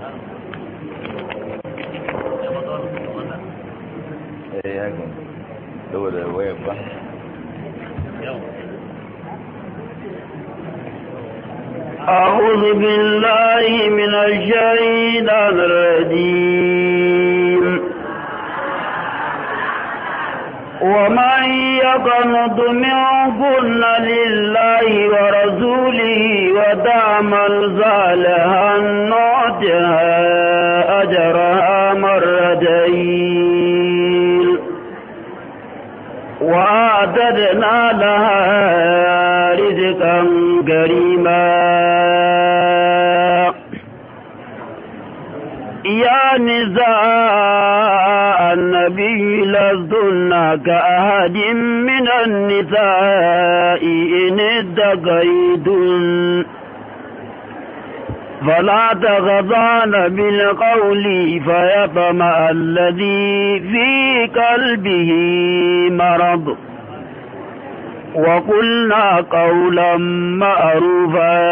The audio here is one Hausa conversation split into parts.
eh ya gani saboda wayar ba أعوذ بالله من الشيطان الرجيم ومن يقنط منكن لله ورسوله وتعمل صالحا نعطها أجرها مرتين وأعتدنا لها رزقا كريما يا نزار النبي لستن كأحد من النساء إن اتقيتن فلا تغضان بالقول فيطمع الذي في قلبه مرض وقلنا قولا معروفا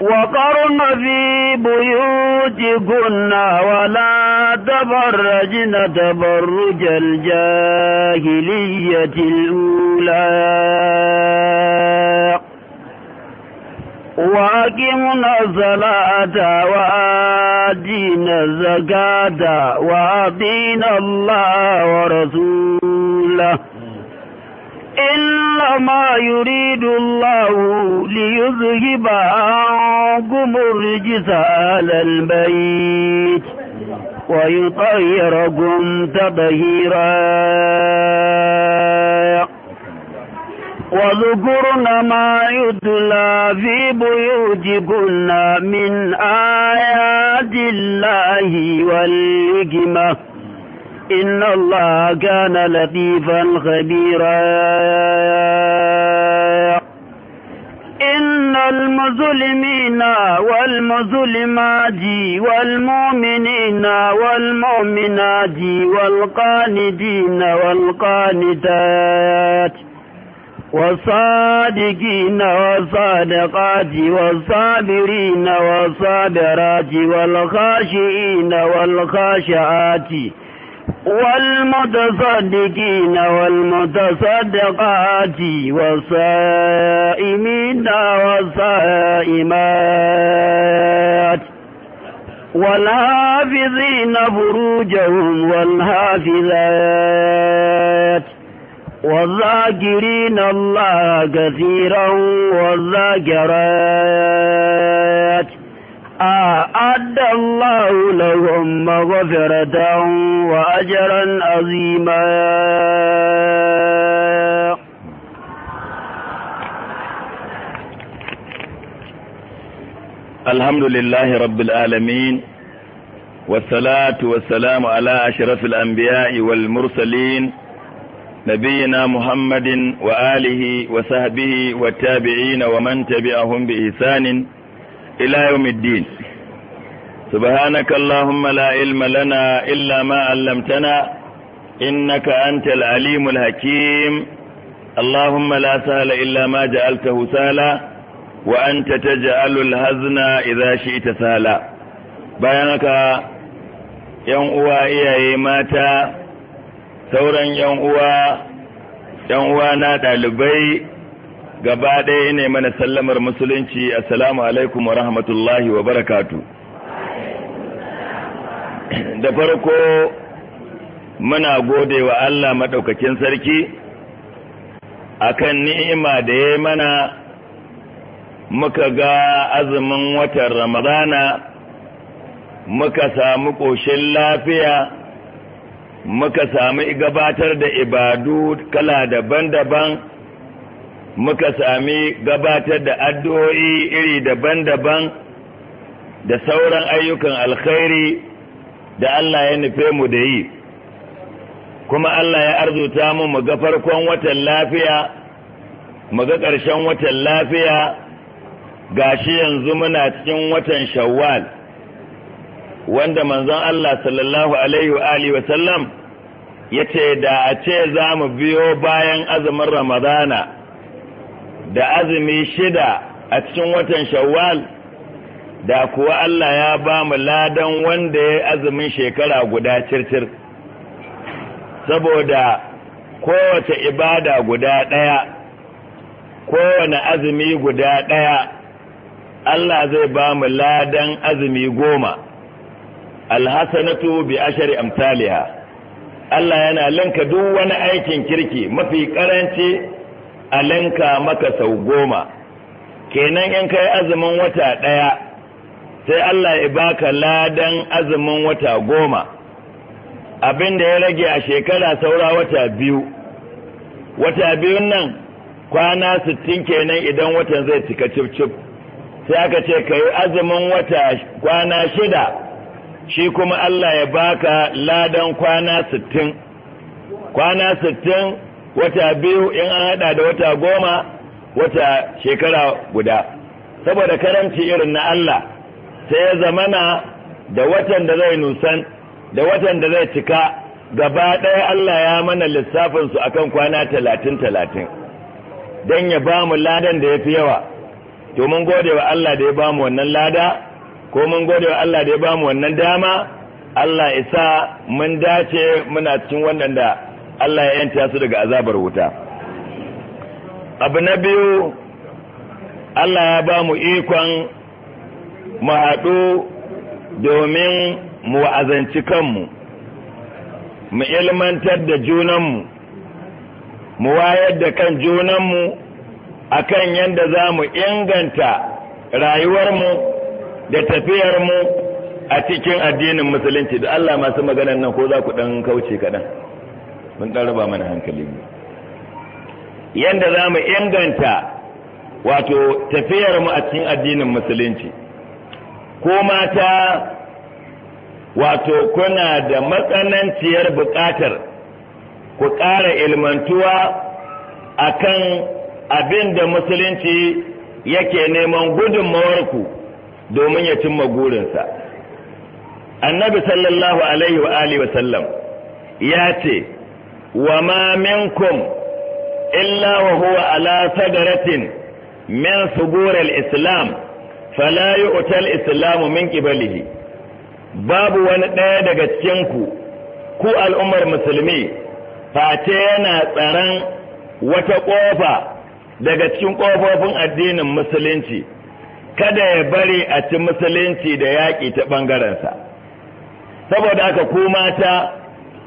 وقرن في بيوتكن ولا تبرجن تبرج الجاهلية الأولى وأقمنا الصلاة وآتينا الزكاة وأطينا الله ورسوله ما يريد الله ليذهب عنكم الرجس على البيت ويطيركم تطهيرا وذكرن ما يتلى في بيوتكن من آيات الله والحكمة إن الله كان لطيفا خبيرا إن المظلمين والمظلمات والمؤمنين والمؤمنات والقاندين والقانتات والصادقين والصادقات والصابرين والصابرات والخاشئين والخاشعات والخاشعات والمتصدقين والمتصدقات والصائمين والصائمات والحافظين فروجهم والحافظات والذاكرين الله كثيرا والذاكرات آه، أعد الله لهم مغفرة وأجرا عظيما الحمد لله رب العالمين والصلاة والسلام على أشرف الأنبياء والمرسلين نبينا محمد وآله وصحبه والتابعين ومن تبعهم بإحسان إلى يوم الدين سبحانك اللهم لا علم لنا إلا ما علمتنا إنك أنت العليم الحكيم اللهم لا سهل إلا ما جعلته سهلا وأنت تجعل الهزن إذا شئت سهلا بيانك ينقوى إيه ماتا ثورا ينقوى ينقوى نادى لبي gaba ɗaya ne mana sallamar musulunci assalamu alaikum wa rahmatullahi wa barakatu da farko muna gode wa Allah maɗaukakin sarki akan ni'ima da ya mana muka ga azumin watan ramadana muka samu ƙoshin lafiya muka samu gabatar da ibadu kala daban-daban muka sami gabatar da addu'o'i iri daban-daban da sauran ayyukan alkhairi da Allah ya nufe mu da yi kuma Allah ya arzuta mu mu ga farkon watan lafiya mu ga ƙarshen watan lafiya gashi yanzu muna cikin watan shawwal wanda manzon Allah sallallahu alaihi wa alihi wa sallam yace da a ce za mu biyo bayan azumin ramadana da azumi shida a cikin watan shawwal da kuwa Allah ya ba mu ladan wanda ya azumin shekara guda circir saboda kowace ibada guda ɗaya kowane azumi guda ɗaya Allah zai ba mu ladan azumi goma alhassanatu bi ashari amtaliha Allah yana linka duk wani aikin kirki mafi ƙaranci. a maka sau goma kenan in kai azumin wata ɗaya sai Allah ya baka ladan azumin wata goma abin da ya rage a shekara saura wata biyu wata biyun nan kwana sittin kenan idan watan zai cika cif sai aka ce ka yi azumin wata kwana shida shi kuma Allah ya baka ladan kwana sittin kwana sittin wata biyu in an hada da wata goma wata shekara guda saboda karanci irin na Allah sai ya zamana da watan da zai nusan da watan da zai cika gaba ɗaya Allah ya mana lissafinsu su akan kwana talatin talatin don ya ba mu ladan da ya fi yawa to mun gode wa Allah da ya ba mu wannan lada ko mun gode wa Allah da ya ba mu wannan dama Allah isa mun dace muna cikin waɗanda Allah ya yanta su daga azabar wuta abu na biyu Allah ya ba mu ikon mu haɗu domin mu wa'azanci kanmu mu ilmantar da junanmu mu wayar da kan junanmu akan yadda za mu inganta rayuwarmu da tafiyarmu a cikin addinin musulunci da Allah masu maganan nan ko za ku ɗan kauce kaɗan. mun dan raba mana hankalin ne. yanda za mu inganta wato tafiyar a cikin addinin musulunci ko mata wato kuna da matsananciyar buƙatar ku ƙara ilmantuwa akan abin da musulunci yake neman gudunmawarku domin ya cimma gurinsa annabi sallallahu alaihi wa alihi wa sallam ya ce wa ma minkum illa wa huwa ala sadaratin min sugur al-islam fala yu'tal islamu min qibalihi babu wani ɗaya daga cikin ku ku al'ummar musulmi face yana tsaran wata ƙofa daga cikin ƙofofin addinin musulunci kada ya bari a ci musulunci da yaƙi ta ɓangarensa saboda aka ku mata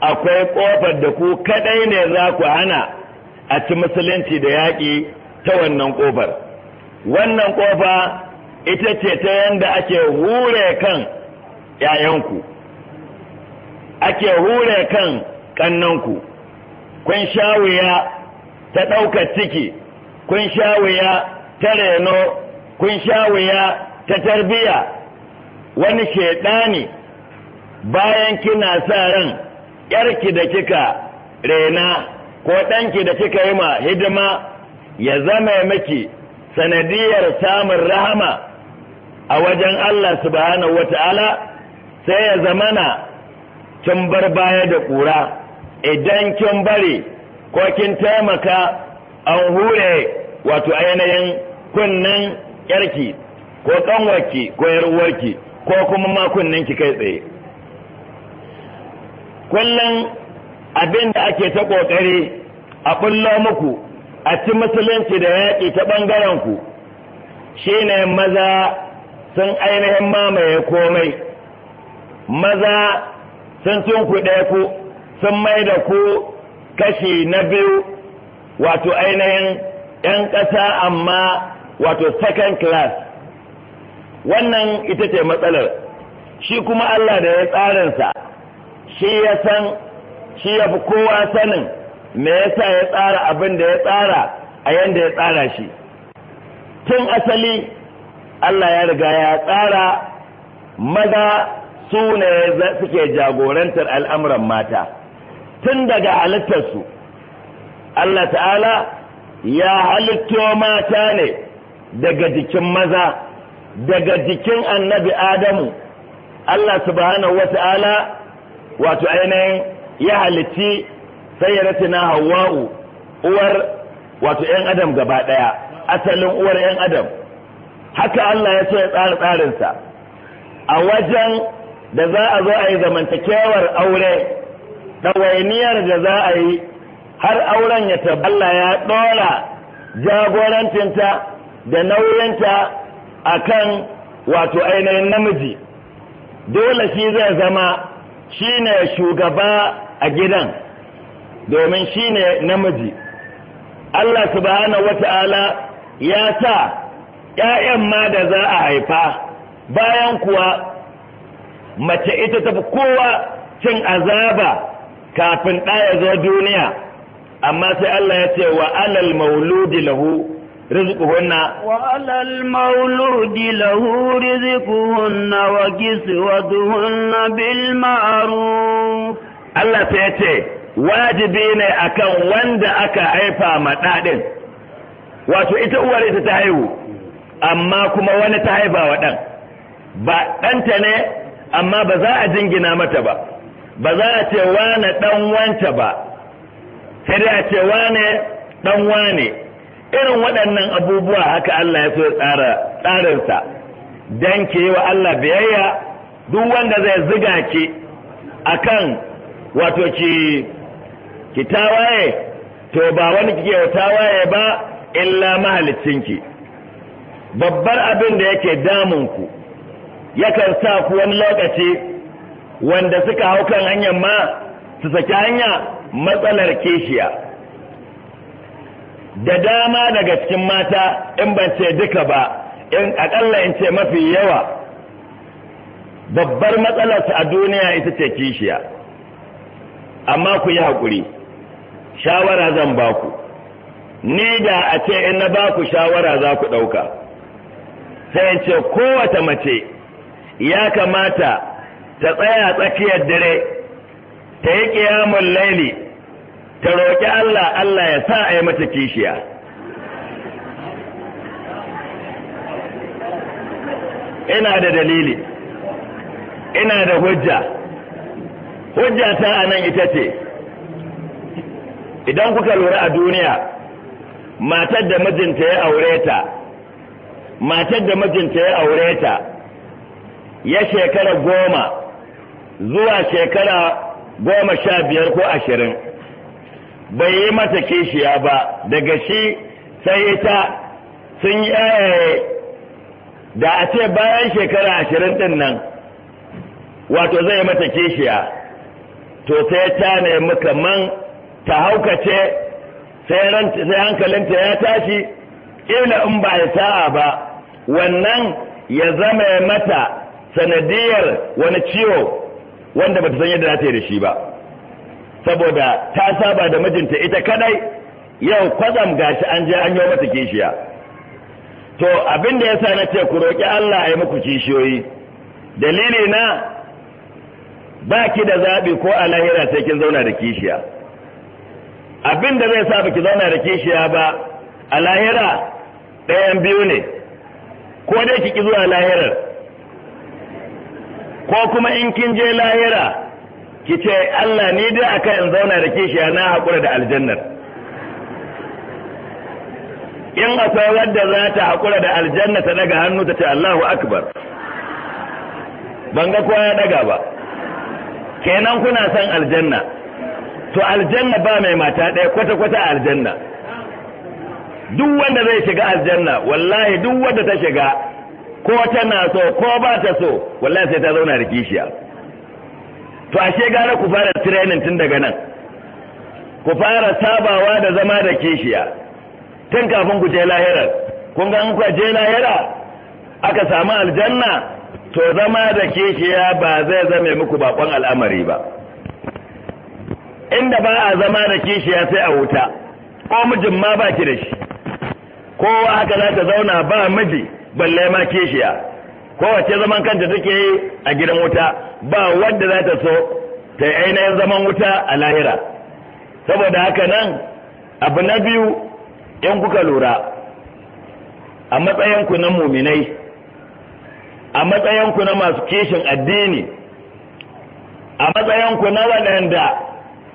akwai ƙofar da ku kaɗai ne za ku hana a ci musulunci da yaƙi ta wannan ƙofar wannan ƙofa ita ce ta yadda ake hure kan ‘ya'yanku ake hure kan ƙannanku kun sha wuya ta ɗaukar ciki kun sha wuya ta reno kun sha wuya ta tarbiya wani shaidani bayan kina sa ran yarki da kika rena ko ɗanki da kika yi ma hidima ya zama maki sanadiyar samun rahama a wajen Allah subhanahu wata'ala sai ya zamana kin bar baya da ƙura idan kin bari ko kin taimaka an hure wato ainihin kunnen yarki ko ƙanwarki ko yarwarki ko kuma makunninki kai tsaye kullum abin da ake ta ƙoƙari a ɓullo muku a ci musulunci da yaƙi ta ɓangaren ku shine maza sun ainihin mamaye komai maza sun tunkuɗe ku sun mai da ku kashi na biyu wato ainihin 'yan ƙasa amma wato second class wannan ita ce matsalar shi kuma Allah da ya tsarinsa shi ya san shi ya fi kowa sanin me yasa ya tsara abin da ya tsara a yadda ya tsara shi tun asali Allah ya riga ya tsara maza su ne suke jagorantar al'amuran mata tun daga halittarsu Allah ta'ala ya halitto mata ne daga jikin maza daga jikin annabi Adamu Allah subhanahu wa ta'ala wato ainihin ya halitti na hawa'u uwar wato ‘yan adam gaba ɗaya asalin uwar ‘yan adam haka Allah ya so ya tsara tsarinsa a wajen da za a zo a yi zamantakewar aure ɗawainiyar da za a yi har auren ya tabbata Allah ya ɗora jagorancinta da nauyinta a kan wato ainihin namiji dole shi zai zama Shi ne shugaba a gidan domin shi ne namiji Allah subhanahu wata'ala ya sa ‘ya'yan ma da za a haifa bayan kuwa mace ita tafi kowa cin azaba kafin ɗaya zo duniya amma sai Allah ya ce wa alal mauludi lahu رزقهن وعلى المولود له رزقهن وكسوتهن بالمعروف Allah sai ce wajibi ne akan wanda aka haifa maɗaɗin wato ita uwar ita ta haihu amma kuma wani ta haifa wa ɗan ba ɗanta ne amma ba za a jingina mata ba ba za a ce wane ɗan wanta ba sai dai a ce ne. irin waɗannan abubuwa haka Allah ya so tsara tsarinsa dan ke wa Allah biyayya duk wanda zai ziga ki kan wato ki ki tawaye to ba wani kike tawaye ba illa mahalicinki babbar abin da yake damunku yakan sa ku wani lokaci wanda suka hau kan hanyar ma su saki hanya matsalar kishiya da dama daga cikin mata in ban ce duka ba in akalla in ce mafi yawa babbar matsalarsu a duniya ita ce kishiya amma ku yi haƙuri shawara zan ba ku ni da a ce in na ba ku shawara za ku ɗauka sai in ce kowace mace ya kamata ta tsaya tsakiyar dare ta yi ƙiyamun laili ta roƙi Allah Allah ya sa a yi mata kishiya ina da dalili ina da hujja hujja ta a nan ita ce idan kuka lura a duniya matar da mijinta ya aure ta matar da mijinta ya aure ta ya shekara goma zuwa shekara goma sha biyar ko ashirin bai yi mata kishiya ba daga shi sai ta sun yi eh, da a ce bayan shekara ashirin din nan wato zai mata kishiya to sai ta nemi kaman ta haukace sai hankalinta ya tashi ila in ba ya sa'a ba wannan ya zama mata sanadiyar wani ciwo wanda bata san yadda za ta yi da shi ba saboda ta saba da mijinta ita kadai yau kwazam gashi an je an yi mata kishiya to abin da yasa na ce ku roki Allah ya muku kishiyoyi dalili na ba da zabi ko a lahira sai kin zauna da kishiya abin da zai sa ba ki zauna da kishiya ba a lahira ɗayan biyu ne ko dai ki ki zuwa lahirar ko kuma in kin je lahira ki ce Allah ni dai aka in zauna da kishiya na haƙura da aljannar in akwai wadda za ta haƙura da aljanna ta daga hannu ta ce Allahu akbar ban ga kowa ya daga ba kenan kuna son aljanna to aljanna ba mai mata ɗaya kwata-kwata aljanna duk wanda zai shiga aljanna wallahi duk wanda ta shiga ko tana so ko ba ta so wallahi sai ta zauna da kishiya to ashe gane ku fara training tun daga nan ku fara sabawa da zama da kishiya tun kafin ku je lahira kun ga an ku je lahira aka samu aljanna to zama da kishiya ba zai zame muku bakon al'amari ba inda ba a zama da kishiya sai a wuta ko mijin ma ba ki da shi kowa haka za ta zauna ba miji balle ma kishiya kowace zaman kanta take yi a gidan wuta ba wanda za ta so ta ainihin zaman wuta a lahira saboda haka nan abu na biyu in kuka lura a matsayinku na muminai a matsayinku na masu kishin addini a matsayinku na waɗanda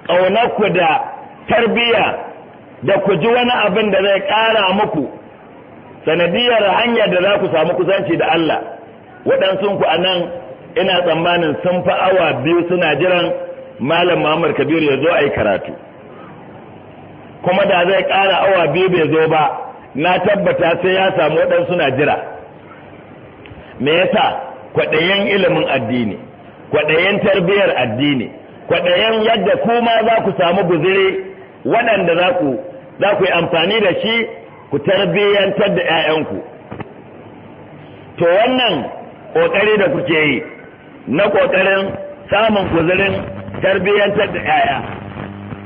ƙaunarku da tarbiyya da ku ji wani abin da zai ƙara muku sanadiyar hanyar da za ku samu kusanci da Allah waɗansunku a nan ina tsammanin sun fa awa biyu suna jiran malam Muhammad Kabir ya zo ai karatu kuma da zai ƙara awa biyu bai zo ba na tabbata sai ya samu waɗansu suna jira me yasa kwadayen ilimin addini kwadayen tarbiyar addini kwadayen yadda kuma za ku samu guzuri waɗanda za ku za ku yi amfani da shi ku tarbiyyantar da 'ya'yanku to wannan ƙoƙari da kuke yi na kokarin samun guzurin tarbiyyantar da yaya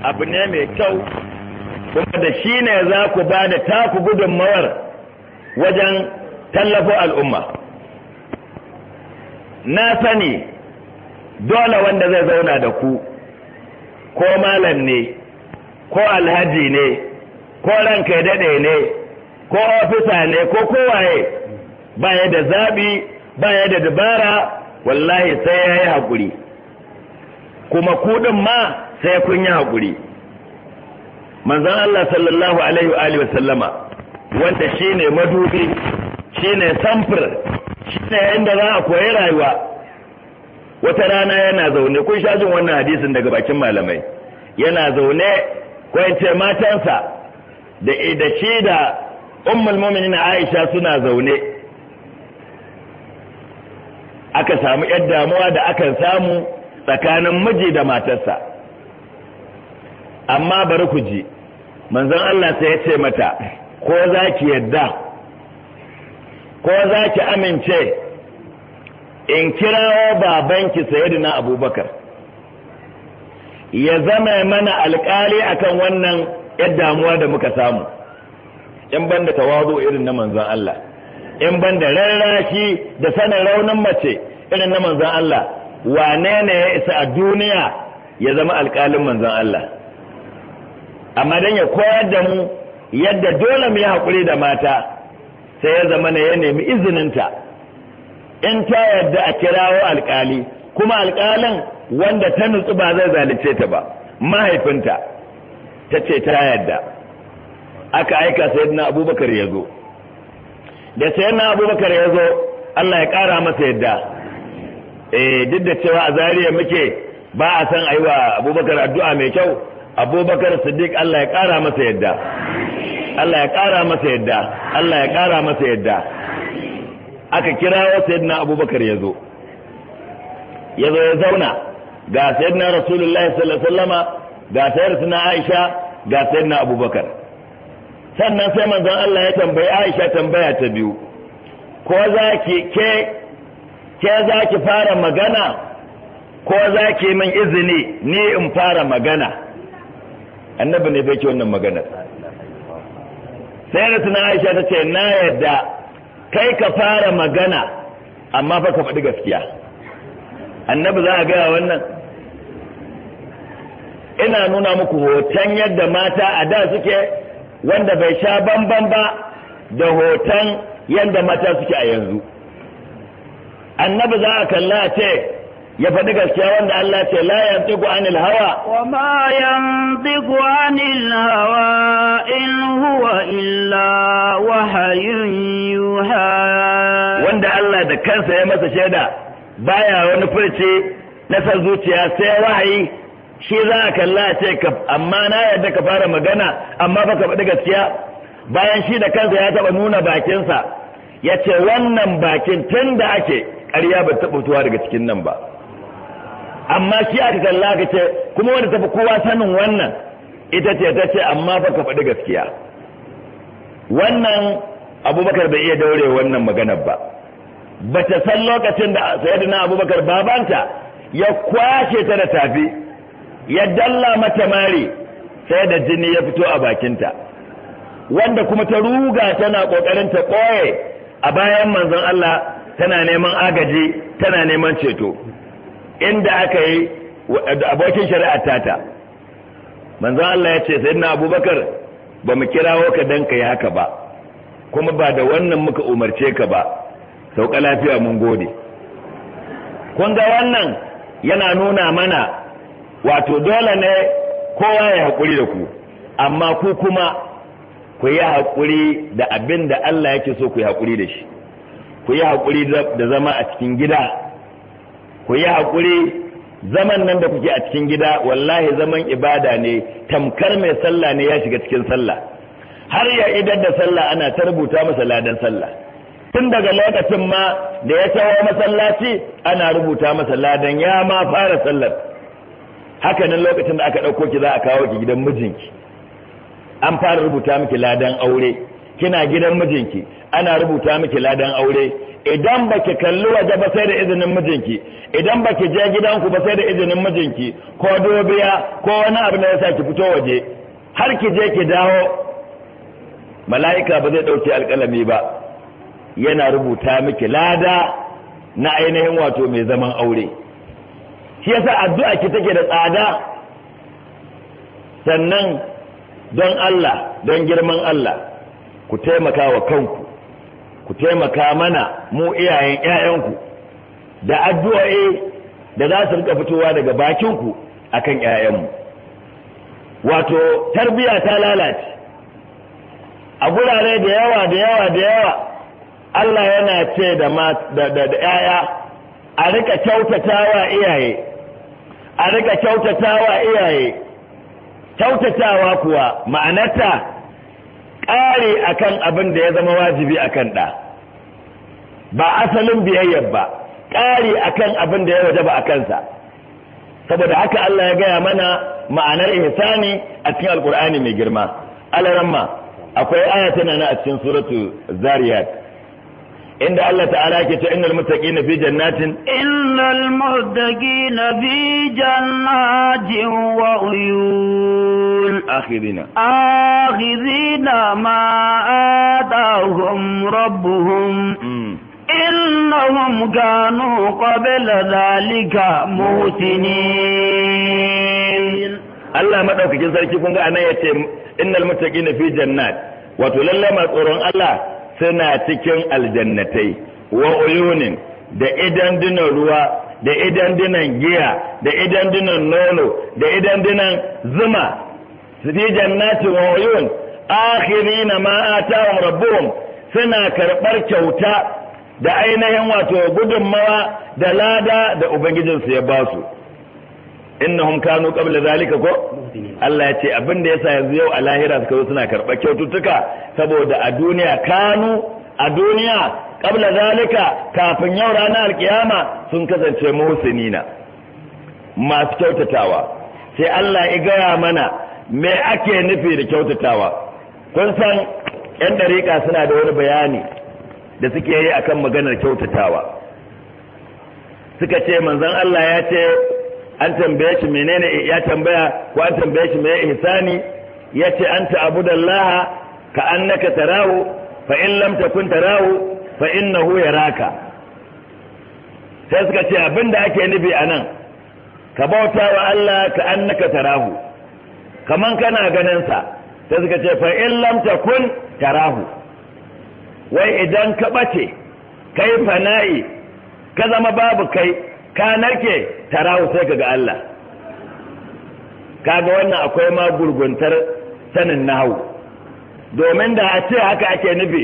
abu ne mai kyau kuma da shi ne za ku ba da taku gudunmawar wajen tallafo al'umma na sani dole wanda zai zauna da ku ko malam ne ko alhaji ne ko ranka daɗe ne ko ofisa ne ko kowaye baya da zaɓi baya da dabara wallahi sai ya yi haƙuri kuma kuɗin ma sai kun yi haƙuri manzan Allah sallallahu alaihi wa sallama wanda shi ne madubi shi ne samfur shi ne inda za a koyi rayuwa wata rana yana zaune kun sha jin wannan hadisin daga bakin malamai yana zaune ko matansa da da shi da ummul Aisha suna zaune aka samu yar damuwa da akan samu tsakanin miji da matarsa amma bari ku ji manzon Allah sai ya ce mata ko za ki yadda ko za ki amince in kirawo babanki sayyidina abubakar ya zama mana alƙali akan wannan yar damuwa da muka samu in banda tawazu irin na manzon Allah in banda rarrashi da sanin raunin mace irin na manzan Allah wane ne ya isa a duniya ya zama alƙalin manzan Allah amma don ya koyar da mu yadda dole mu yi haƙuri da mata sai ya zama ne ya nemi izininta in ta yadda a kirawo alƙali kuma alƙalin wanda ta nutsu ba zai zalice ta ba mahaifinta ta ce ta yadda aka aika sayyidina abubakar ya zo da sayyidina abubakar ya zo Allah ya ƙara masa yadda eh duk da cewa a zariya muke ba a san a yi wa abubakar addu'a mai kyau abubakar siddiq allah ya ƙara masa yadda allah ya ƙara masa yadda allah ya ƙara masa yadda aka kira wa sayyidina abubakar ya zo ya zo ya zauna ga sayyidina rasulullahi sallallahu alaihi wasallama ga sayyidina aisha ga sayyidina abubakar sannan sai manzon allah ya tambayi aisha tambaya ta biyu ko za ki ke ke za ki fara magana ko za ki min izini ni in fara magana annabi ne bai wannan magana. sai da aisha ta ce na yadda kai ka fara magana amma fa ka faɗi gaskiya annabi za a gaya wannan ina nuna muku hoton yadda mata a da suke wanda bai sha bambam ba da hoton yadda mata suke a yanzu annabi za a kalla ce ya faɗi gaskiya wanda Allah ce la yantiqu anil hawa wa ma yantiqu anil hawa in huwa illa wahyun yuha wanda Allah da kansa ya masa shaida baya wani furci na san zuciya sai wahayi shi za a kalla ce amma na yarda ka fara magana amma baka faɗi gaskiya bayan shi da kansa ya taɓa nuna bakinsa ya ce wannan bakin tun da ake ƙarya ba taɓa fitowa daga cikin nan ba amma shi a cikin lagace kuma wanda tafi kowa sanin wannan ita ce ta ce amma ba ka faɗi gaskiya wannan abubakar bai iya daure wannan maganar ba ba ta san lokacin da na abubakar babanta ya kwashe ta da tafi ya dalla mata mare sai da jini ya fito a bakinta wanda kuma ta ruga tana kokarin ta koye a bayan manzon Allah tana neman agaji tana neman ceto inda aka yi abokin shari'a tata manzon Allah ya ce na Abubakar ba mu kirawo ka dan kai haka ba kuma ba da wannan muka umarce ka ba sauka lafiya mun gode kun ga wannan yana nuna mana wato dole ne kowa ya haƙuri da ku amma ku kuma ku yi haƙuri da abin da Allah yake so ku yi haƙuri da shi ku yi haƙuri da zama a cikin gida ku yi haƙuri zaman nan da kuke a cikin gida wallahi zaman ibada ne tamkar mai sallah ne ya shiga cikin sallah har ya idar da sallah ana ta rubuta masa ladan sallah tun daga lokacin ma da ya tawo masallaci ana rubuta masa ladan ya ma fara sallar haka nan lokacin da aka ɗauko ki za a kawo ki gidan mijinki an fara rubuta miki ladan aure kina gidan mijinki ana rubuta miki ladan aure idan baki kalli waje ba sai da izinin mijinki idan baki je gidan ku ba sai da izinin mijinki ko dobiya ko wani abu da yasa ki fito waje har ki je ki dawo mala'ika ba zai dauke alƙalami ba yana rubuta miki lada na ainihin wato mai zaman aure shi yasa addu'a ki take da tsada sannan don Allah don girman Allah ku taimaka wa kanku ku taimaka mana mu iyayen ƴaƴanku da addu'o'i da za su rika fitowa daga bakinku akan ƴaƴanmu wato tarbiya ta lalace a gurare da yawa da yawa da yawa Allah yana ce da ‘ya'ya a rika kyautatawa iyaye, a rika kyautatawa iyaye, kyautatawa kuwa ma'anarta ƙari kan abin da ya zama wajibi akan ɗa ba asalin biyayyar ba ƙari kan abin da ya waje ba a kansa saboda haka Allah ya gaya mana ma'anar ihsani a cikin Alƙur'ani mai girma alaramma akwai ayatuna na a cikin suratu zariyat inda Allah ta'ala ke ce innal muttaqina fi jannatin innal muttaqina fi jannatin wa uyun akhidina akhidina ma atahum rabbuhum hmm. innahum kanu qabla dhalika muhsinin Allah madaukakin sarki kun ga anan yace innal muttaqina fi jannat wato lalle ma tsoron Allah suna cikin aljannatai wa uyunin da idan dinan ruwa da idan dinan giya da idan dinan nono da idan dinan zuma fi jannati wa uyun akhirina ma atahum rabbuhum suna karɓar kyauta da ainihin wato gudunmawa da lada da ubangijinsu ya basu innahum kanu qabla zalika ko Allah ya ce abin da yasa yanzu yau a lahira suka zo suna karɓar kyaututtuka saboda a duniya kanu a duniya qabla zalika kafin yau ranar alkiyama sun kasance muhsinina masu kyautatawa sai Allah ya gaya mana me ake nufi da kyautatawa kun san yan dariƙa suna da wani bayani da suke yi akan maganar kyautatawa suka ce manzon Allah ya ce an tambaye shi menene ya tambaya ko an tambaye shi me ihsani yace anta abudallaha ka annaka tarahu fa in lam takun tarahu fa innahu yaraka sai suka ce abinda ake nufi anan ka bauta wa Allah ka annaka tarahu kaman kana ganin sa sai suka ce fa in lam takun tarahu wai idan ka bace kai fana'i ka zama babu kai ka narke tarawu sai ka ga Allah kaga wannan akwai ma gurguntar sanin nahu domin da a ce haka ake nufi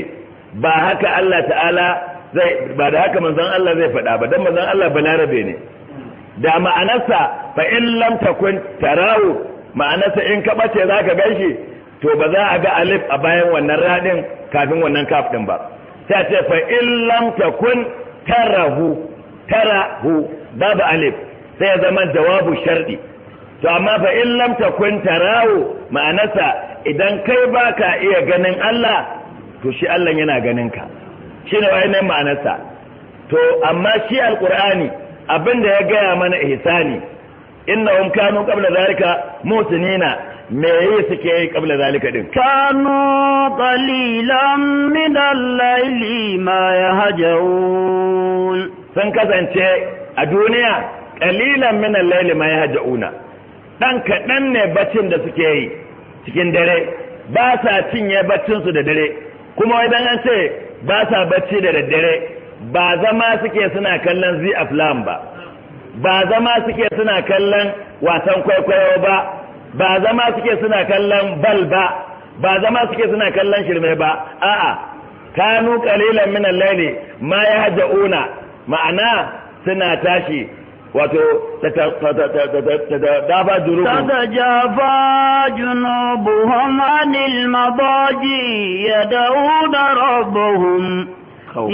ba haka Allah ta'ala zai ba da haka manzon Allah zai faɗa ba dan manzon Allah balarabe ne da ma'anarsa fa in lam takun tarahu ma'anarsa in ka bace zaka ganshi to ba za a ga alif a bayan wannan radin kafin wannan kaf din ba ta ce fa in lam takun tarahu tarahu babu alif sai ya zama jawabu sharɗi to amma fa in lam takun tarawo ma'anarsa idan kai baka iya ganin Allah to shi Allah yana ganin ka shine wayannan ma'anarsa to amma shi alqur'ani abinda ya gaya mana ihsani innahum kanu qabla zalika mutinina me yi suke yi kabla zalika din kanu qalilan min al-layli ma yahjun sun kasance a duniya ƙalilan min ma ya ma una. Ɗan kaɗan ne baccin da suke yi cikin dare ba sa cinye baccin su da dare kuma idan an ce ba sa bacci da daddare ba zama suke suna kallon zi aflam ba ba zama suke suna kallon wasan kwaikwayo ba ba zama suke suna kallon bal ba ba zama suke suna kallon shirme ba a'a kanu ƙalilan min ma ya ma una ma'ana suna tashi wato ta dafa juru ku ta jafa juno buhamanil maboji ya dau da rabuhun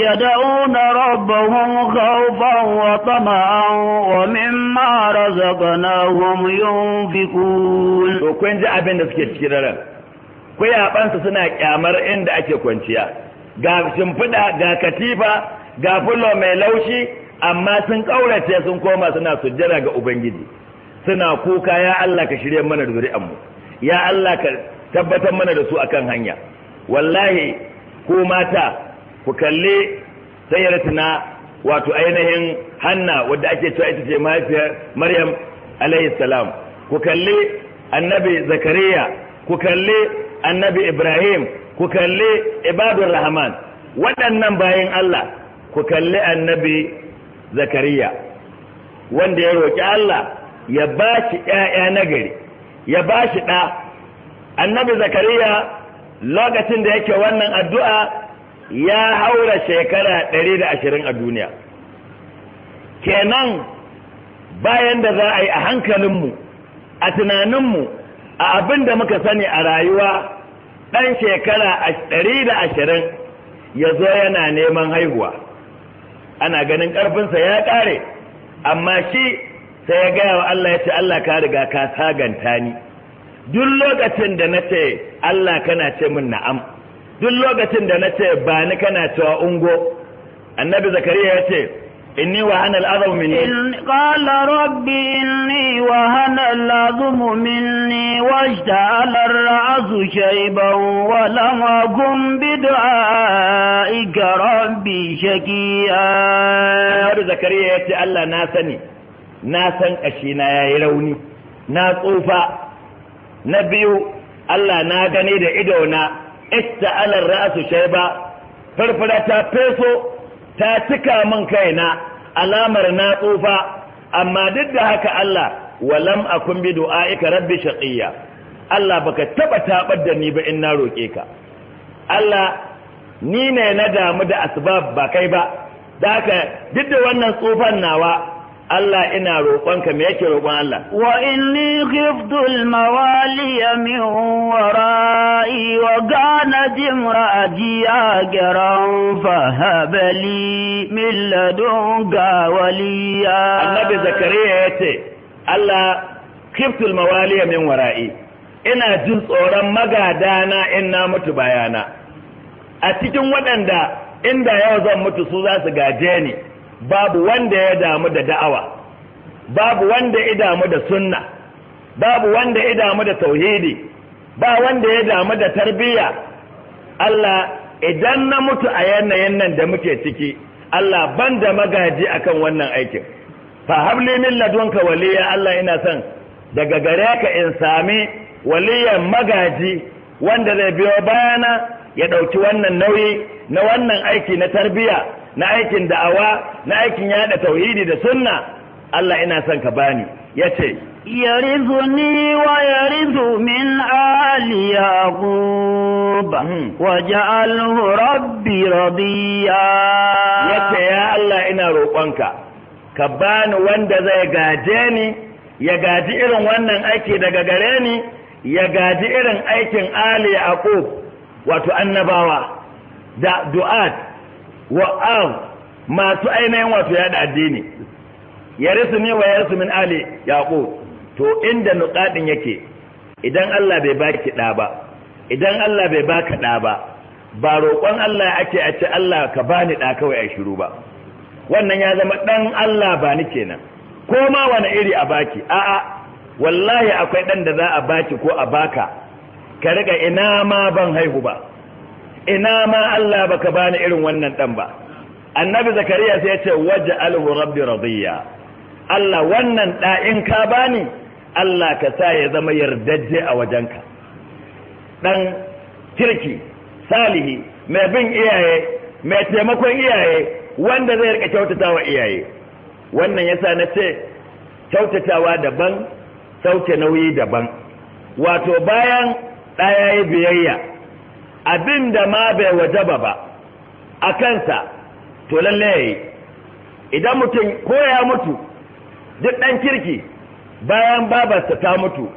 ya dau da rabuhun kaufan wa tama wa min mara zaba na homo yun fi kun to abin da suke cikin ranar kuyabansu suna kyamar inda ake kwanciya ga shimfiɗa ga katifa ga fulo mai laushi amma sun ƙaurace sun koma suna sujjada ga ubangiji suna kuka ya Allah ka shirye mana da mu ya Allah ka tabbatar mana da su akan hanya wallahi ku mata ku kalli sayyaratuna wato ainihin hanna wadda ake cewa ita ce mahaifiyar maryam alayhi salam ku kalli annabi zakariya ku kalli annabi ibrahim ku kalli ibadur rahman waɗannan bayan Allah ku kalli annabi zakariya wanda ya roki Allah ya ba shi ‘ya'ya nagari ya ba shi ɗa annabi zakariya lokacin da yake wannan addu'a ya haura shekara 120 a duniya kenan bayan da za a yi a hankalinmu a tunaninmu a abin da muka sani a rayuwa ɗan shekara 120 da ya zo yana neman haihuwa ana ganin ƙarfinsa ya ƙare amma shi sai ya gaya wa Allah ya ce Allah ka riga ka saganta ni duk lokacin da na ce Allah kana ce min na'am duk lokacin da na ce ba ni kana cewa ungo annabi zakariya ya ce إني وهن الأذى مني قال ربي إني وهن الأذم مني واجتعل الرأس شيبا ولم أكن بدعائك ربي شكيا أبو زكريا يأتي ألا ناسني ناسا أشينا يا يلوني أوفا نبيو ألا نادني دعيدونا اجتعل الرأس شيبا فرفلتا بيسو ta cika min kaina alamar na tsufa amma duk da haka Allah walam akun bi du'aika rabbi shaqiyya Allah baka taba tabar da ni ba in na roke ka Allah ni ne na damu da asbab ba kai ba da haka duk da wannan tsufan nawa Allah ina roƙonka me yake roƙon Allah wa inni khiftu al-mawaliya min wara'i wa ganat garan fa habali, min ladunka waliya Annabi Zakariya yace Allah khiftu al-mawaliya min wara'i ina jin tsoron magadana in na mutu bayana a cikin waɗanda inda yau zan mutu su za su gaje ni babu wanda ya damu da da'awa babu wanda ya damu da sunna babu wanda ya damu da tauhidi ba wanda ya damu da tarbiyya Allah idan na mutu a yanayin nan da muke ciki Allah ban da magaji akan wannan aikin fa habli min ladunka waliya Allah ina son daga gare ka in sami waliyan magaji wanda zai biyo bayana ya ɗauki wannan nauyi na wannan aiki na tarbiyya na aikin da'awa na aikin yada tauhidi da sunna Allah ina son ka bani yace yarizuni wa yarizu min ali yaqub hmm. wa ja'alhu rabbi radiya yace ya Allah ina roƙonka ka bani wanda zai gaje ni ya gaji irin wannan aiki daga gare ni ya gaji irin aikin ali yaqub wato annabawa da du'at wa'az masu ainihin wato da addini ya risu ne wa ya min ali yaƙo to inda nuƙaɗin yake idan Allah bai baki ɗa ba idan Allah bai baka ɗa ba ba roƙon Allah ake a ce Allah ka bani ɗa kawai a shiru ba wannan ya zama ɗan Allah ba ni kenan ko ma wani iri a baki a'a wallahi akwai ɗan da za a baki ko a baka ka riga ina ma ban haihu ba ina ma Allah baka bani irin wannan dan ba annabi zakariya sai ya ce waj'alhu rabbi radiya Allah wannan da in ka bani Allah ka sa ya zama yardajje a wajenka dan kirki salihi mai bin iyaye mai taimakon iyaye wanda zai rika kyautatawa iyaye wannan yasa na ce kyautatawa daban sauke nauyi daban wato bayan ɗaya ya biyayya abin da ma bai wajaba ba a kansa to lalle ya idan mutum ko ya mutu duk ɗan kirki bayan babarsa ta mutu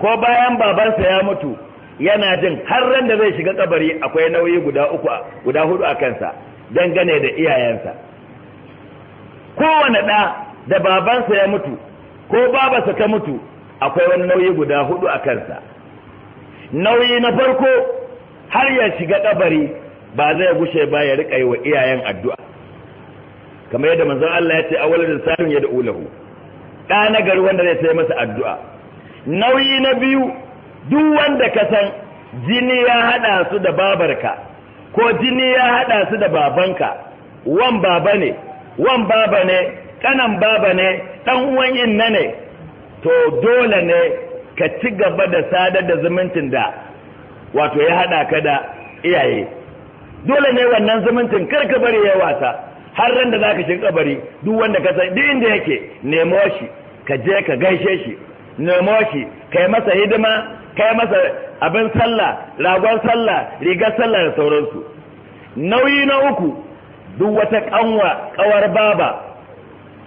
ko bayan babarsa ya mutu yana jin har ran da zai shiga kabari akwai nauyi guda uku guda hudu a kansa dangane da iyayensa kowane ɗa da babansa ya mutu ko babarsa ta mutu akwai wani nauyi guda hudu a kansa nauyi na farko har ya shiga kabari ba zai gushe ba ya rika yi wa iyayen addu'a kamar yadda manzon Allah ya ce awwalul salim ya da lahu da na gari wanda zai sai masa addu'a nauyi na biyu duk wanda ka san jini ya haɗa su da babarka ko jini ya haɗa su da babanka wan baba ne wan baba ne kanan baba ne Ɗan uwan inna ne to dole ne ka ci gaba da sadar da zumuncin da wato ya haɗa ka da iyaye dole ne wannan zumuncin kar ka bari ya wasa har ran da zaka shiga kabari duk wanda ka san duk inda yake nemo shi ka je ka gaishe shi nemo shi kai masa hidima kai masa abin sallah ragon sallah rigar sallah da sauransu nauyi na uku duk wata kanwa kawar baba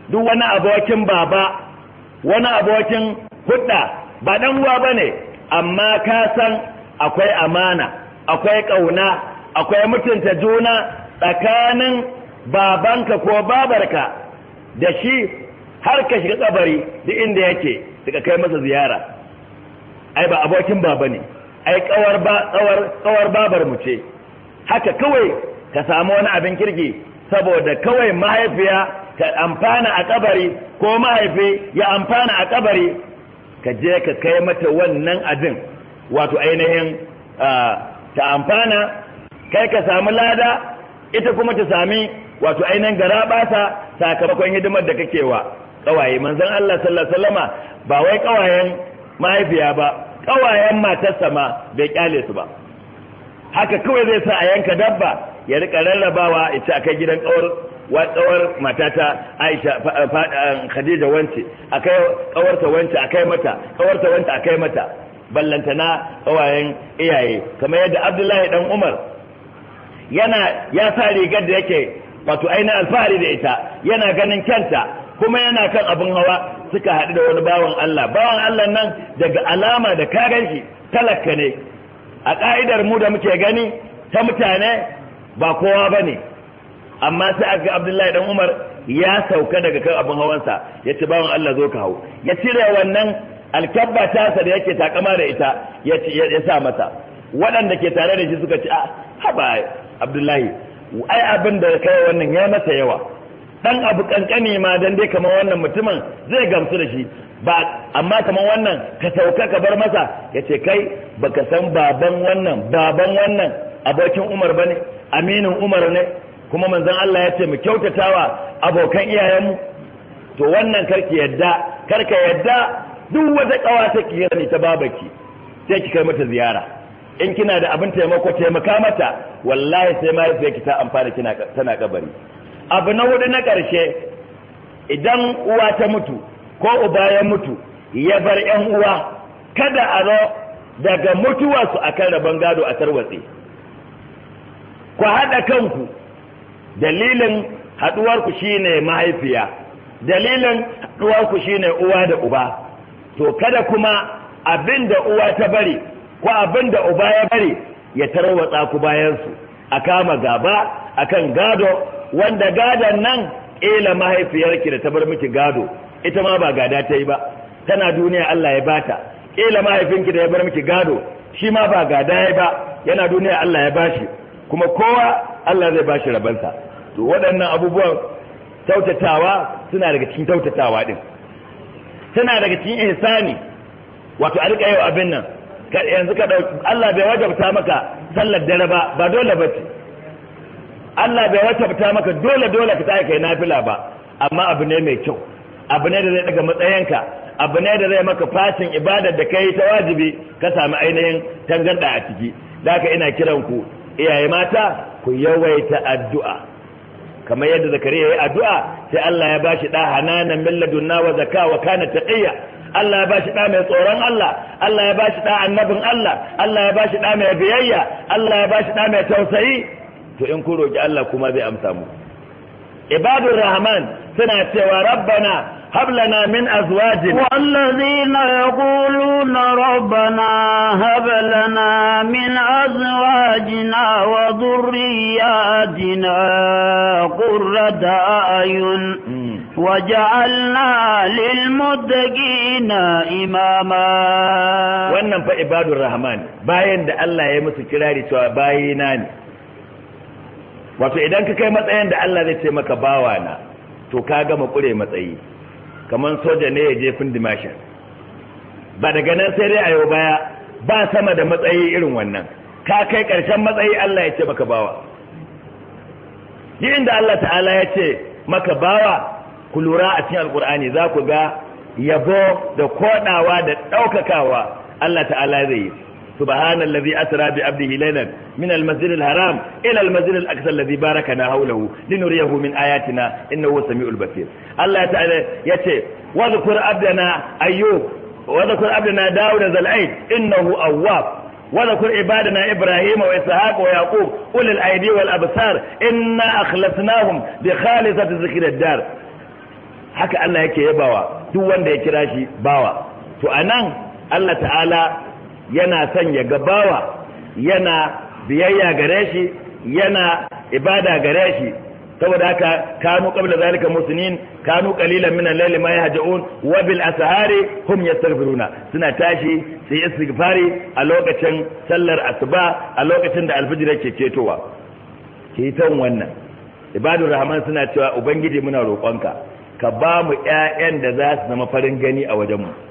duk wani abokin baba wani abokin hudda ba dan uwa bane amma ka san akwai amana akwai ƙauna akwai mutunta juna tsakanin babanka ko babarka da shi har ka shiga kabari duk inda yake daga kai masa ziyara ai ba abokin baba ne ai kawar ba kawar babar mu ce haka kawai ka samu wani abin kirki saboda kawai mahaifiya ka amfana a kabari ko mahaifi ya amfana a kabari ka je ka kai mata wannan abin wato ainihin ta amfana kai ka sami lada ita kuma ta sami wato ainihin gara basa sakamakon hidimar da kake wa kawaye manzon Allah sallallahu alaihi wasallama ba wai kawayen mahaifiya ba kawayen matarsa ma bai kyale su ba haka kawai zai sa a yanka dabba ya rika rarrabawa ita akai gidan kawar watsawar matata Aisha Khadija wance akai kawarta wance akai mata kawarta wance akai mata ballantana ƙawayen iyaye kamar yadda abdullahi dan umar yana ya sa rigar da yake wato aina alfahari da ita yana ganin kyanta kuma yana kan abin hawa suka haɗu da wani bawan Allah bawan Allah nan daga alama da ka ganshi talaka ne a ka'idar mu da muke gani ta mutane ba kowa ba ne amma sai aka abdullahi dan umar ya sauka daga kan abin hawansa ya ce bawan Allah zo ka hau ya cire wannan alkabba sa da yake takama da ita ya sa mata waɗanda ke tare da shi suka ci a ah, haba abdullahi ai abin da kai wannan ya mata yawa dan abu ƙanƙani ma dan dai kamar wannan mutumin zai gamsu da shi ba amma kamar wannan ka sauka ka bar masa ya ce kai baka san baban wannan baban wannan abokin umar bane aminin umar ne kuma manzon Allah ya ce mu kyautatawa abokan iyayenmu to wannan karki yadda karka yadda duk wata kawa ta ki ni ta babaki sai ki kai mata ziyara in kina da abin taimako taimaka mata wallahi sai sai ki ta amfana kina tana kabari abu na hudu na karshe idan uwa ta mutu ko uba ya mutu ya bar yan uwa kada a zo daga mutuwarsu akan rabon gado a tarwatse ku haɗa kanku dalilin haɗuwarku shine mahaifiya dalilin haɗuwarku shine uwa da uba to kada kuma abin da uwa ta bari ko abin da uba ya bari ya tarwatsa ku bayansu a kama gaba akan gado wanda gadon nan ƙila mahaifiyarki da ta bar miki gado ita ma ba gada ta yi ba tana duniya Allah ya bata ƙila mahaifinki da ya bar miki gado shi ma ba gada ya ba yana duniya Allah ya bashi kuma kowa Allah zai bashi rabansa to waɗannan abubuwan tautatawa suna daga cikin tautatawa din tana daga cikin ihsani wato a rika yau abin nan yanzu ka dauki Allah bai wajabta maka sallar dare ba ba dole ba ce Allah bai wajabta maka dole dole ka tsaya kai nafila ba amma abu ne mai kyau abu ne da zai daga matsayinka abu ne da zai maka fashin ibadar da kai ta wajibi ka sami ainihin tangarda a ciki da ina kiran ku iyaye mata ku yawaita addu'a kamar yadda zakariya ya addu'a sai Allah ya bashi da hananan min ladunna wa zaka wa kana Allah ya bashi da mai tsoron Allah Allah ya bashi da annabin Allah Allah ya bashi da mai biyayya Allah ya bashi da mai tausayi to in ku roki Allah kuma zai amsa muku عباد الرحمن سنة وربنا هب لنا من أزواجنا والذين يقولون ربنا هب لنا من أزواجنا وذرياتنا قرة أعين وجعلنا للمتقين إماما وأنا fa الرحمن باين bayan يمسك Allah ya باينان wato idan ka kai matsayin da Allah zai ce maka bawa na to ka gama kure matsayi kamar soja ne ya je kundimashin ba daga nan sai dai a ayo baya ba sama da matsayi irin wannan ka kai ƙarshen matsayi Allah ya ce maka bawa yi inda Allah ta'ala ya ce maka bawa ku lura a cikin alkur'ani za ku ga yabo da koɗawa da ɗaukakawa Allah ta'ala zai yi سبحان الذي أسرى بأبده ليلا من المسجد الحرام إلى المسجد الأقصى الذي باركنا حوله لنريه من آياتنا إنه سميع البصير الله تعالى يتي واذكر عبدنا أيوب واذكر عبدنا داود ذا العيد إنه أواب وذكر عبادنا إبراهيم وإسحاق ويعقوب أولي الأيدي والأبصار إنا أخلصناهم بخالصة ذكر الدار haka Allah yake yabawa duk wanda ya kira shi bawa to anan Allah ta'ala yana son ya gabawa yana biyayya gare shi yana ibada gare shi saboda haka kanu qabla zalika musnin kanu qalilan min al-layli ma yahja'un wa bil asahari hum yastaghfiruna suna tashi su yi istighfari a lokacin sallar asuba a lokacin da alfajir yake cetowa tan wannan ibadul rahman suna cewa ubangiji muna roƙonka ka ba mu ƴaƴan da za su zama farin gani a wajenmu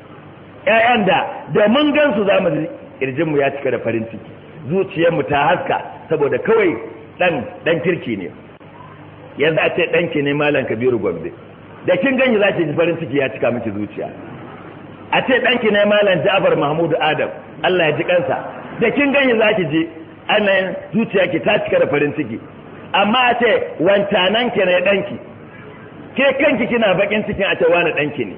ƴaƴan da da mun gansu za mu kirjin mu ya cika da farin ciki zuciyar ta haska saboda kawai dan dan kirki ne yanzu a ce ɗanki ne malam Kabiru Gombe da kin ganyi za ji farin ciki ya cika miki zuciya a ce danki ne malam Ja'far Mahmud Adam Allah ya ji kansa da kin ganyi za ji anan zuciya ki ta cika da farin ciki amma a ce wancanan ki ne danki ke kanki kina bakin cikin a ce wani ɗanki ne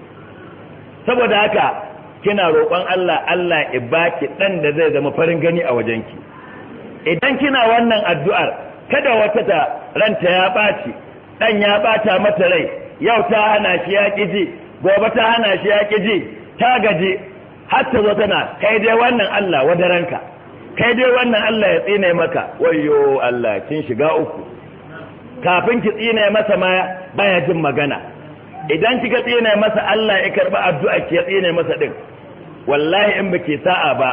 saboda haka kina roƙon Allah Allah ya baki dan da zai zama farin gani a wajenki idan kina wannan addu'ar kada wata ta ranta ya baci dan ya bata mata rai yau ta hana shi ya ji gobe ta hana shi ya ji ta gaji har ta zo tana kai dai wannan Allah wadaranka kai dai wannan Allah ya tsine maka wayyo Allah kin shiga uku kafin ki tsine masa ma baya jin magana idan kika tsine masa Allah ya karba addu'a ki tsine masa din wallahi in baki sa'a ba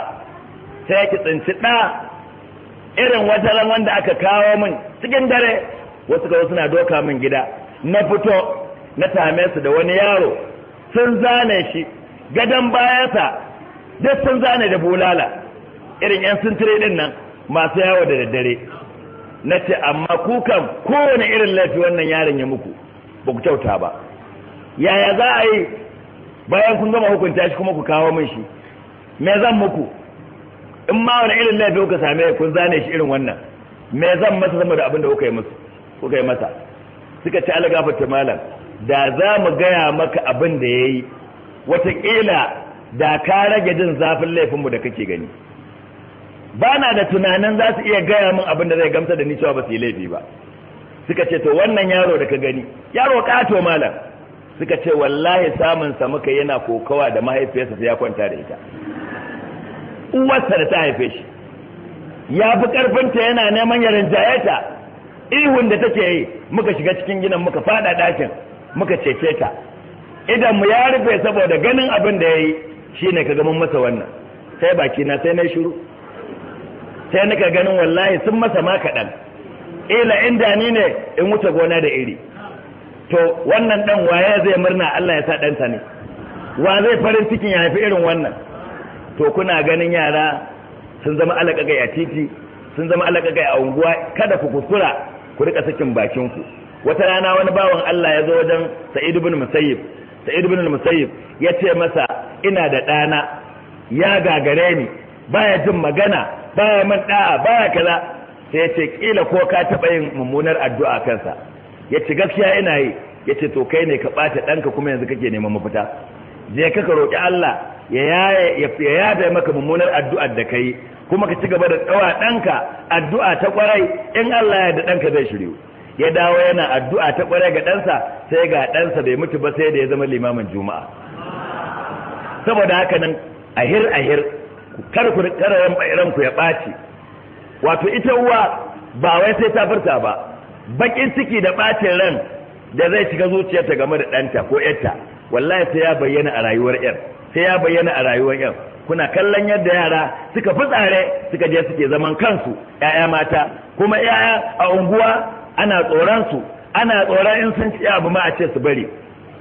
sai ki tsinci da irin wataran wanda aka kawo min cikin dare wasu ga wasu doka min gida na fito na tame su da wani yaro sun zane shi gadon bayansa duk sun zane da bulala irin yan sintire din nan masu yawo da daddare na ce amma kukan kowane irin laifi wannan yaron ya muku ba ku kyauta ba yaya za a yi bayan kun gama hukunta shi kuma ku kawo min shi me zan muku in ma wani irin laifi kuka same kun zane shi irin wannan me zan masa sama da abin da kuka yi masa kuka yi masa suka ci algafata malam da za mu gaya maka abin da ya yi wataƙila da ka rage jin zafin laifinmu da kake gani ba na da tunanin za su iya gaya min abin da zai gamsa da ni cewa ba su yi laifi ba suka ce to wannan yaro da ka gani yaro ƙato malam suka ce wallahi samun sa muka yana kokawa da mahaifiyarsa sai ya kwanta da ita uwarsa da ta haife shi ya fi karfinta yana neman ya rinjaye ihun da take yi muka shiga cikin ginin muka fada dakin muka cece ta idan mu ya rufe saboda ganin abin da yayi shine kaga mun masa wannan sai baki na sai na shiru sai nika ganin wallahi sun masa ma kaɗan ila inda ni ne in wuce gona da iri to wannan dan waye zai murna Allah ya sa ɗansa ne wa zai farin cikin ya haifi irin wannan to kuna ganin yara sun zama alaƙaƙai a titi sun zama alaƙaƙai a unguwa kada ku kusura ku rika sakin bakin ku wata rana wani bawan Allah ya zo wajen Sa'id ibn Musayyib Sa'id ibn Musayyib ya ce masa ina da ɗana ya gagare ni baya jin magana baya man da'a baya kaza sai ya ce kila ko ka taɓa yin mummunar addu'a kansa ya ce gaskiya ina yi ya ce to kai ne ka ɓata ɗanka kuma yanzu kake neman mafita zai kaka roƙi Allah ya yada maka mummunar addu'ar da kai kuma ka ci gaba da tsawa ɗanka addu'a ta ƙwarai in Allah ya da ɗanka zai shiryu ya dawo yana addu'a ta ƙwarai ga ɗansa sai ga ɗansa bai mutu ba sai da ya zama limamin juma'a saboda haka nan ahir ahir kar ku ku ya ɓaci wato ita uwa ba wai sai ta furta ba bakin ciki da bacin ran da zai shiga zuciyarta game da ɗanta ko yarta wallahi sai ya bayyana a rayuwar yar sai ya bayyana a rayuwar yar kuna kallon yadda yara suka fitsare suka je suke zaman kansu yaya mata kuma yaya a unguwa ana tsoron su ana tsoron in sun ci abu ma a ce su bari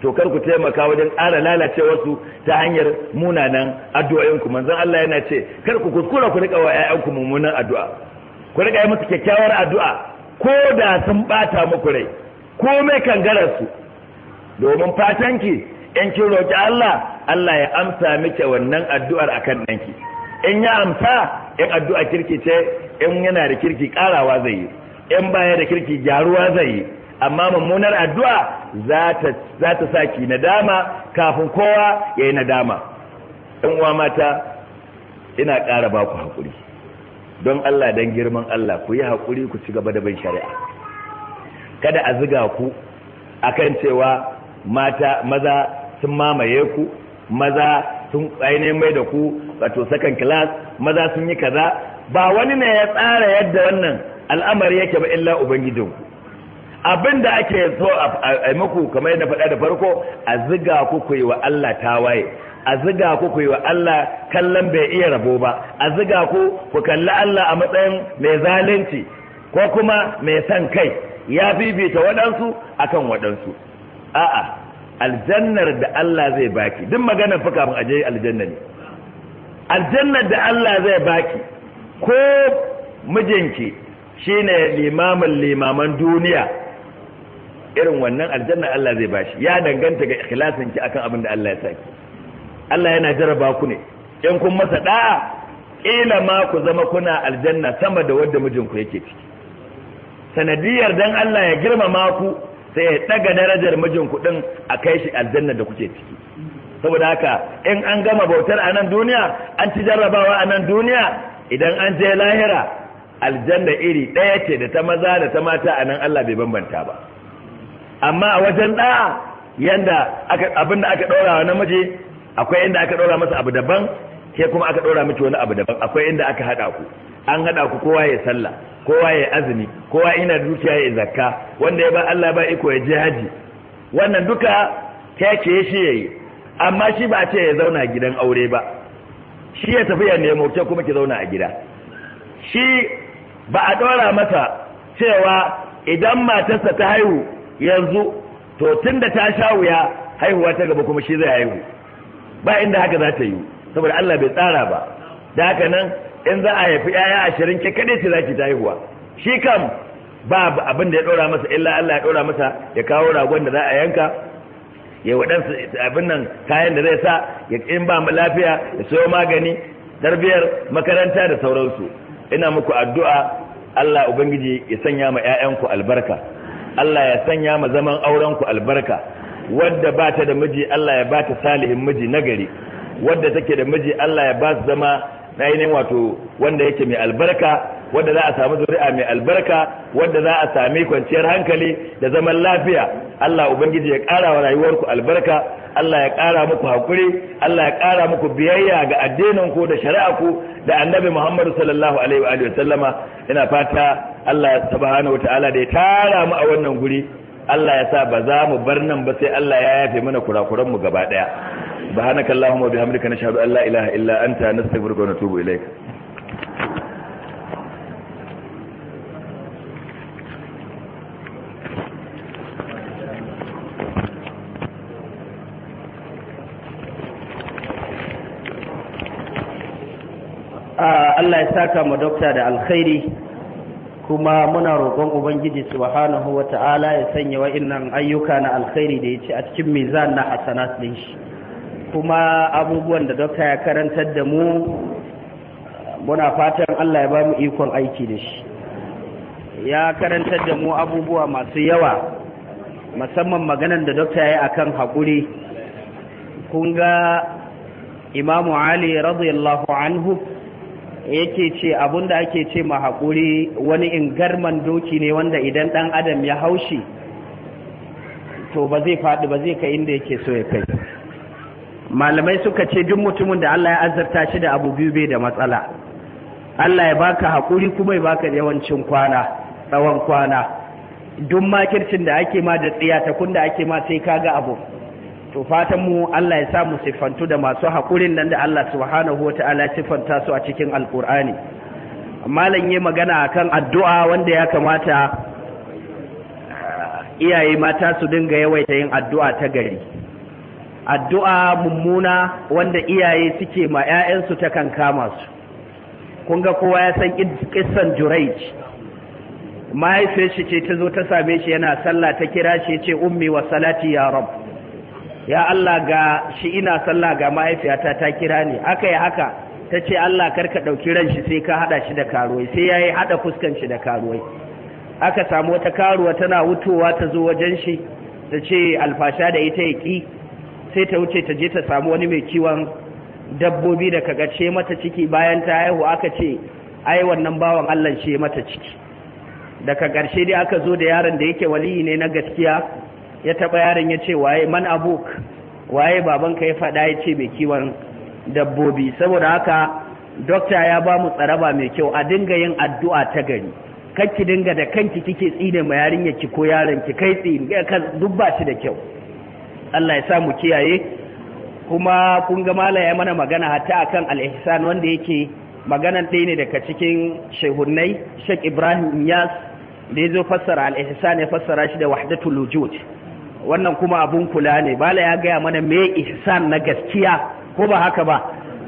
to kar ku taimaka wajen ƙara lalacewar su ta hanyar munanan addu'o'in ku manzon Allah yana ce kar ku kuskura ku rika wa ƴaƴanku mummunan addu'a ku rika yi musu kyakkyawar addu'a ko da sun bata muku rai ko mai su domin fatanki in kin roki Allah Allah ya amsa miki wannan addu'ar akan danki in ya amsa in addu'a kirki ce in yana da kirki karawa zai yi in baya da kirki gyaruwa zai yi amma mummunar addu'a za ta saki nadama kafin kowa ya nadama in uwa mata ina ƙara ba ku haƙuri don Allah don girman Allah ku yi haƙuri ku ci gaba da bin shari'a kada a ziga ku akan cewa mata maza sun mamaye ku maza sun ainihin mai da ku wato second class maza sun yi kaza ba wani ne ya tsara yadda wannan al'amari yake ba illa ubangijin abin da ake so a maku kamar yadda faɗa da farko a ziga ku ku yi wa Allah ta waye. a ziga ku ku yi wa Allah kallon bai iya rabo ba a ziga ku ku kalli Allah a matsayin mai zalunci ko kuma mai son kai ya bibita waɗansu akan waɗansu a'a aljannar da Allah zai baki duk maganar fuka mun aje aljanna ne aljannar da Allah zai baki ko mijinki shine limamin limaman duniya irin wannan aljanna Allah zai bashi ya danganta ga ikhlasinki akan abin da Allah ya saki Allah yana jaraba ku ne in kun masa da'a ƙila ma ku zama kuna aljanna sama da wadda mijinku yake ciki sanadiyar dan Allah ya girmama ku sai ya daga darajar mijinku din a kai shi aljanna da kuke ciki saboda haka in an gama bautar a nan duniya an ci jarrabawa a nan duniya idan an je lahira aljanna iri ɗaya ce da ta maza da ta mata a nan Allah bai bambanta ba amma a wajen ɗa'a yanda abin da aka ɗora wa namiji akwai inda aka ɗora masa abu daban ke kuma aka ɗora miki wani abu daban akwai inda aka haɗa ku an haɗa ku kowa ya sallah kowa ya azumi kowa ina dukiya ya zakka wanda ya ba Allah ba iko ya je haji wannan duka kake shi yayi amma shi ba ce ya zauna gidan aure ba shi ya tafi ya nemo ke kuma ki zauna a gida shi ba a ɗora masa cewa idan matarsa ta haihu yanzu to tunda ta sha wuya haihuwa ta gaba kuma shi zai haihu ba inda haka za ta yi saboda Allah bai tsara ba da haka nan in za a haifi yaya ashirin ke kaɗai ce za ki ta haihuwa shi kam ba abin da ya ɗora masa illa Allah ya ɗora masa ya kawo ragon da za a yanka ya waɗansu abin nan kayan da zai sa ya in ba lafiya ya sayo magani tarbiyar makaranta da sauransu ina muku addu'a Allah ubangiji ya sanya ma 'ya'yanku albarka Allah ya sanya ma zaman aurenku albarka wadda ba ta da miji Allah ya ba ta salihin miji nagari wadda take da miji Allah ya ba su zama na ainihin wato wanda yake mai albarka wadda za a sami zuri'a mai albarka wadda za a sami kwanciyar hankali da zaman lafiya Allah ubangiji ya ƙara wa rayuwarku albarka Allah ya ƙara muku hakuri Allah ya ƙara muku biyayya ga addinin ku da shari'a da annabi Muhammadu sallallahu alaihi wa sallama ina fata Allah subhanahu da ya tara mu a wannan guri Allah ya sa ba za mu bar nan ba sai Allah ya yafe mana kurakuran mu gaba daya subhanaka allahumma bihamdika nashhadu an la ilaha illa anta nastaghfiruka wa natubu ilayk ah, Allah ya saka mu dokta da alkhairi kuma muna roƙon ubangiji subhanahu ta'ala ya sanya wa'annan ayyuka na alkhairi da ya ci a cikin mizan na hasanat din shi kuma abubuwan da dokta ya karantar da mu muna fatan Allah ya ba mu ikon aiki da shi ya karantar da mu abubuwa masu yawa musamman maganar da dokta ya yi akan hakuri. kun ga imamu ali radiyallahu anhu yake ce abun da ake ce ma hakuri wani ingarman doki ne wanda idan ɗan adam ya haushi to ba zai faɗi ba zai kai inda yake so ya kai malamai suka ce duk mutumin da Allah ya azarta shi da abu biyu bai da matsala Allah ya baka hakuri kuma ya baka yawancin kwana tsawon kwana duk makircin da ake ma da tsiya kun da ake ma sai kaga abu to fatan mu Allah ya sa mu siffantu da masu haƙurin nan da Allah subhanahu wata'ala siffanta su a cikin alƙur'ani malam yi magana akan addu'a wanda ya kamata ah, iyaye mata su dinga yawaita yin addu'a ta gari addu'a mummuna wanda iyaye suke ma 'ya'yansu ta kan kama su kun ga kowa ya san kissan juraic mahaifiyar shi ce ta zo ta same shi yana sallah ta kira shi ce ummi wa salati ya rabu ya Allah ga shi ina sallah ga mahaifiyata ta kira ni aka yi haka ta ce Allah ka ɗauki ran shi sai ka haɗa shi da karuwai sai ya yi haɗa fuskan shi da karuwai aka samu wata karuwa tana wutowa ta zo wajen shi ta ce alfasha da ita ya ƙi sai ta wuce ta je ta samu wani mai kiwon dabbobi da ce mata ciki bayan ta haihu aka ce ai wannan bawan Allah ce mata ciki daga ƙarshe dai aka zo da yaron da yake waliyi ne na gaskiya ya taɓa yaron ya ce waye man abuk waye babanka ya faɗa ya ce mai kiwon dabbobi saboda haka dokta ya ba mu tsaraba mai kyau a dinga yin addu'a ta gari ki dinga da kanki kike tsine ma yarinyar ki ko yaron ki kai tsine ka duk ba shi da kyau Allah ya sa mu kiyaye kuma kun ga malaya mana magana hatta akan al-ihsan wanda yake magana ɗaya ne daga cikin shehunnai Sheikh Ibrahim Yas da ya zo fassara al-ihsan ya fassara shi da wahdatul wujud wannan kuma abun kula ne bala ya gaya mana me ihsan na gaskiya ko ba haka ba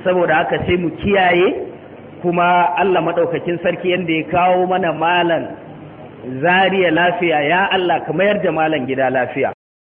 saboda haka sai mu kiyaye kuma Allah maɗaukakin sarki yadda ya kawo mana malan zariya lafiya ya Allah ka mayar da malan gida lafiya